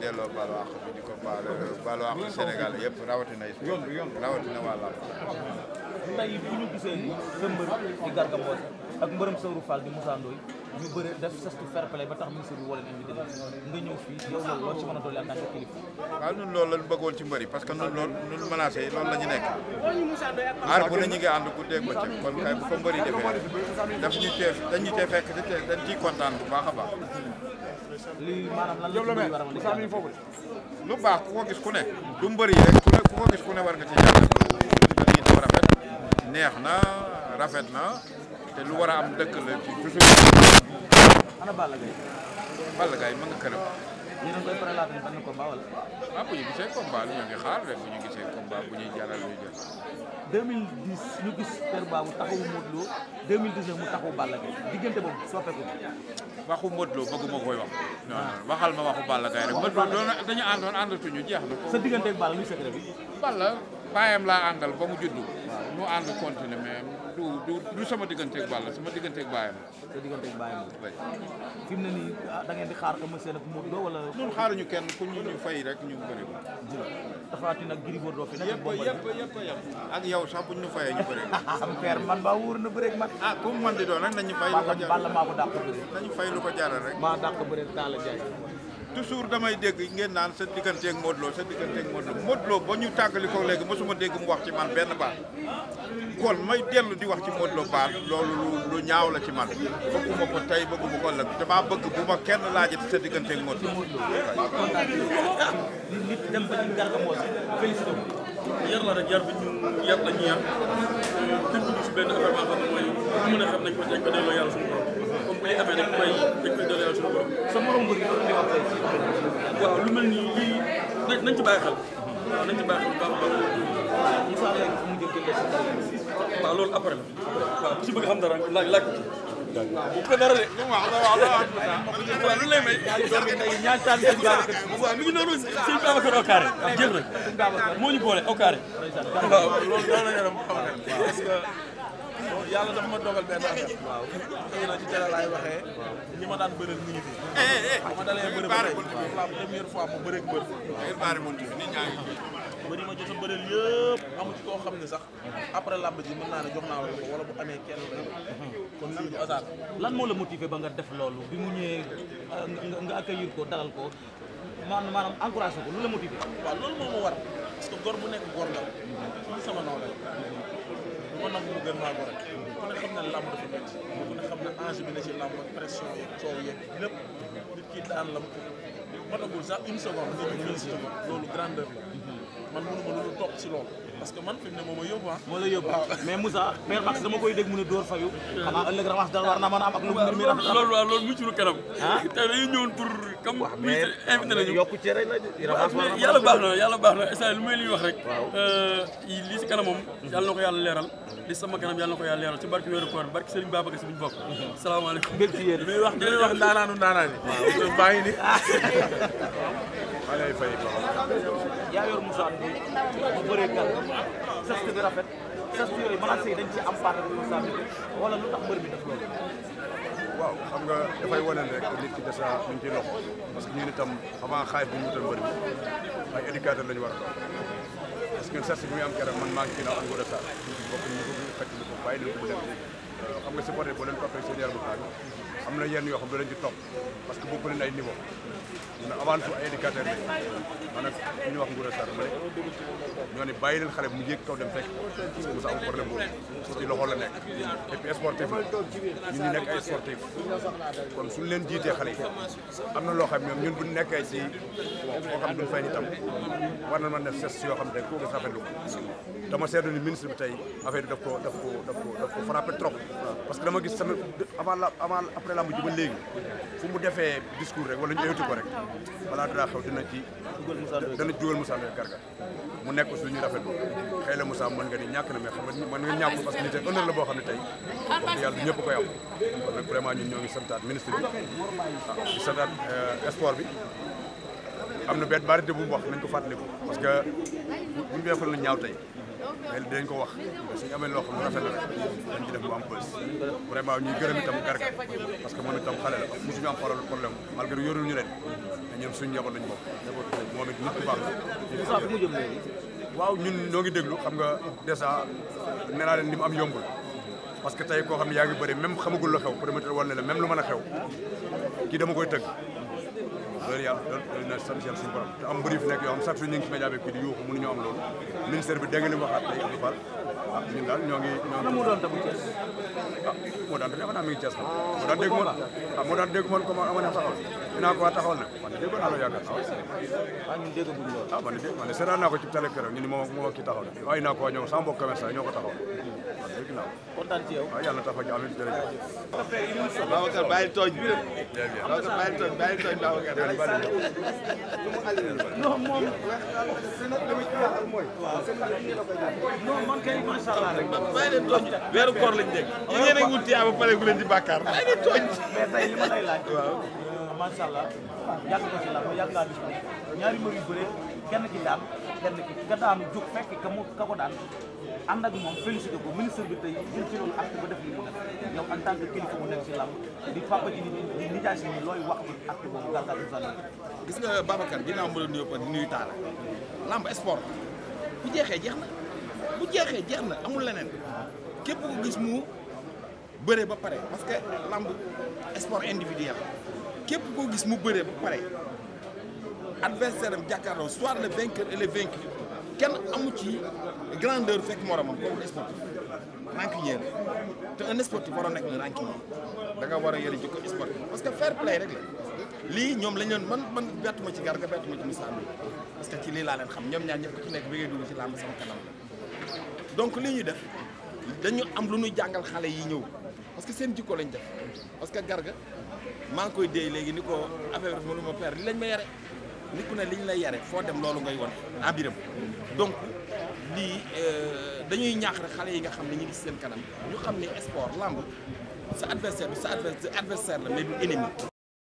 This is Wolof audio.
delloo baalu àq Sénégal yëpp rawatina rawatina waa ak mbërëm Sëwru Fall di Moussa Ndoye ñu bëre def sestu fair play ba tax ministre bi woo leen invité nga ñëw fii yow loolu loo ci mën a dolli en tant que kilifa waaw ñun loolu lañ bëggoon la ñu nekk aar bu ne ñu ngi ànd guddee ko ci kon kay bu ko mbëri defee daf ñu tee dañ ñu fekk dañ ciy kontaan bu baax a baax lu baax ku ko gis ku ne du mbëri yi ku ne ku ko gis ku ne war nga ci jàll neex na rafet na te lu war a am dëkk la ci toujours. ana Balla Gaye. Balla Gaye ma nga këram. ñu ne koy prélater benn combat wala. ah bu ñu gisee combat lu ñu ngi xaar rek bu ñu gisee combat bu ñuy jàllal luy jël. 2010 ñu gis Père Babou taxawu Modou Lo 2019 mu taxawu Balla Gaye diggante boobu soppeeku. waxu Modou Lo bëgguma koy wax. waxal ma waxu Balla Gaye rek Modou Lo dañu àndoon àndatuñu jeex na. sa digganteeg Balla luy secret bi. Balla. bàyyam laa àndal ba mu juddu. ñu ànd continuer mais du du du sama digganteeg Balla sama digganteeg bàyyam la. sa digganteeg bàyyam la. fi mu ne nii ah, da ngeen di xaar ko monsieur nag mu do wala. ñun xaaruñu kenn ku ñu ñu fay rek ñu bëri ko. tafaati nag Gris Bordeaux fi nag. yëpp yëpp yëpp yëpp ak yow sax buñ ñu fayee ñu bëri ko. am père man ba wóor na bëri man. ah comme man di doon rek nañu fay lu ko jaral. Balla maa ko dàq bëri. nañu fay lu ko jaral rek. maa dàq bëri Talla Ndiaye. toujours damay dégg ngeen naan sa digganteeg Modou Lo sa digganteeg Modou Lo ba ñu tàggali léegi mosuma dégg mu wax ci man benn baat kon may dellu di wax ci Modou Lo baat loolu lu ñaaw la ci man bëgguma ko tey bëgguma ko ëllëg damaa bëgg bu ma kenn laajati sa digganteeg Modou Lo. nit dem ba ñu garga moos félicité a xam day amee rek mooy dañ koy doole suñu borom. sa morom mbër yi di wax tey ci waaw lu mel ni lii nañ ci bàyyi xel. waaw nañ ci bàyyi xel baax baax Moussa Ndiaye fu mu jëm jëndee si. waaw loolu après la waaw ku ci bëgg xam dara laaj laaj ko ci. bu ko dara de. waaw waaw waaw lu lay may. waaw mi ngi noonu sëñ Babacar au carré jeex na moo ñu boole au carré. waaw loolu daal la yaram xam nga parce que. yàlla dafa ma dogal benn affaire. waaw xëy na ci télé laay waxee. ñi ma daan bëreel ñu ngi fi. Eh, eh, eh. ma dalee bëri ba tey la première fois ma bëreeg mbër. bëri a bëreel yëpp amu ci xam ne sax après làmb ji mën naa ne jox naa la ko wala bu amee kenn kon lii du hasard. lan moo la motivé ba nga def loolu bi mu ñëwee euh, nga nga accueillir ko dalal ko maanaam maanaam ko lu la motivé. waaw loolu moo ma war parce que gor bu nekk gor la sama noonu bu ko nangu mu gën maa gore ku ne xam ne làmb dafa métti ku ne xam ne enjeu bi ne ci làmb ak pression yeeg coow yeeg lépp nit ki daan la matagul sax une seconde nga ñu si loolu parce que man fi mu ne moom a yóbbu ah. moo la yóbbu mais Moussa père Max dama koy dégg mu ne Dóor Fayu. xanaa ëllëg ramas dal war na mën a am ak lu mbir mi rafet. loolu waaw loolu mucc lu kanam. ah tey dañuy ñëwoon pour. comme mais invité nañu yokku cere la ramas war na yàlla baax na yàlla baax na instant lu may li ñuy wax rek. waaw euh, lii si kanam moom. yàlla na ko yàlla leeral. li sama kanam yàlla na ko yàlla leeral ci barki wéeru koor barki Serigne Babacar si buñu bokk. Mhm. salaamaaleykum mbég ci yéen wax di wax ndaanaanu ndaanaan yi baa ngi ni ah. maa lay fay yaa yor Moussa bu bëree sas bi nga rafet sas yooyu malaat yi dañ ci am part de responsabilité wala lu tax mbër bi waaw xam nga dafay wane rek nit ki dèjà ñu ngi ciy loxo parce que ñun itam avant xaay bi ñu wutal mbër bi ay éducateur lañu war a doon parce que sas bi muy am keroog man maa ngi ciy naaw ak xam nga supporter boo leen toppee seen yaram tàng am na yenn yoo xam ne doo parce que bokk leen ay niveau ñun avant tout ay éducateur lañ maanaam ñu wax Nguura bàyyi leen xale mu yéeg kaw dem fekk mu sa am problème boobu ci loxo la nekk et puis sportif la ñun ñu nekk ay sportif kon suñu am na loo xam ñoom ñun bu nekkee ci koo xam fay itam war na mën def ses yoo xam ne koo gis rafetlu ko dama seetlu ni ministre bi tey affaire bi daf ko daf ko daf ko daf ko frappé trop parce que dama gis sama avant la avant après lamb ji ba léegi fu mu defee discours rek wala ñu éwti ko rek balaa dara xew dina ci dana jugal Moussa Ndoye Garga mu nekk su ñu rafet xëy la Moussa mën nga ni ñàkk na mais xam nga mën nga ñàkk parce que nit honneur la boo xam ne tey wax yàlla du ñëpp ko yàw kon nag vraiment ñun ñoo ngi santaat ministre bi ah, di santaat euh, sport bi am na benn barité bu mu wax nañ ko parce que buñu bee fal na ñaaw tey mais dinañ ko wax suñu amee loo xam ne rafet na rek dañ def bu am bës vraiment ñuy gërëm itam garga parce que moom itam xale la mosuñu am xoolal problème malgré yorul ñu leen te ñun suñu njaboot lañ bokk moom it nit ku baax la waaw ñun ñoo ngi xam nga dèjà nee leen li am yombul parce que tey koo xam ne yaa ngi bëri même xamagul la xew promoteur war ne la même lu mën a xew kii dama koy tëgg loolu yàlla loolu na sant yàlla suñu borom te am mbir yu fi nekk yoo xam chaque jour ñu ngi ci média bi kii di yuuxu mënuñu am loolu ministère bi dégg nga li mu waxaat day Abdou Fall waaw ñun daal ñoo ngi ñoo ngi. mu doon tabu Thiès. ah moo daan defe naa mi ngi Thiès moom. moo daan dégg man ah moo daan dégg man comme amoon ah, na taxawal. dinaa ko waa taxawal nag man déggoon naa la yàgg ah. ah ñun déggaguñu loolu. ah man de man de seetaan naa ko ci télé keroog ñu ni moo moo kii taxawal waaye naa ko waa ñoom sama mbokk commerçant ñoo ko taxawal. waaw dégg naa ko. kontaan ci yow. waaw yàlla tax a ñu amit jërëjëf. Babacar bàyyi tooñ bi. Babacar bàyyi tooñ bàyyi tooñ Babacar. non moom. non man kay maa leen tooñ weeru koor lañ nekk yéen yéen a ngi wut tiyaaba pare gu leen di bàkkaar maa leen tooñ mais tey li ma lay laaj waaw macha allah yàgg ko ci la ko yàgg laa di ñaari mbër yu bëree kenn ki daan kenn ki nga daanu jóg fekk ka mu ka ko daan ànd ak moom félicité ko ministre bi tey jël ci loolu acte ba def li mu def yow en tant que kilifa bu nekk ci làmb di papa ji di nijaay si ni looy wax bi acte boobu Garga di sànni gis nga Babacar ginnaaw ma la nuyoo pa di nuyu taala làmb sport bu jeexee jeex na bu jeexee jeex na amul leneen képp ko gis mu bëre ba pare parce que lamb sport individuel képp koo gis mu bëre ba pare adversaire am jàkkaarloo soit le vainqueur et le kenn amu ci grandeur fekk moromam kooku sportif rancunier te un sportif waroon nekk na rancunier da nga war jikko sportif parce que fair play rek lii ñoom lañ leen man man bettuma ci Garga bettuma ci Moussa Ndoye parce que ci lii laa leen xam ñoom ñaar ñëpp ku ci nekk bi dugg ci làmb sama donc li ñu def dañu am lu ñu jàngal xale yi ñëw parce que seen jikko lañu def parce que Garga maa ngi koy déey léegi ni ko affaire bi mënu ma père li lañ ma yare nit ku liñ lay yare foo dem loolu ngay won en biram donc lii euh, dañuy ñaax rek xale yi nga xam ne ñu ngi seen kanam ñu xam ne sport lamb sa adversaire du sa adversaire la mais du ennemi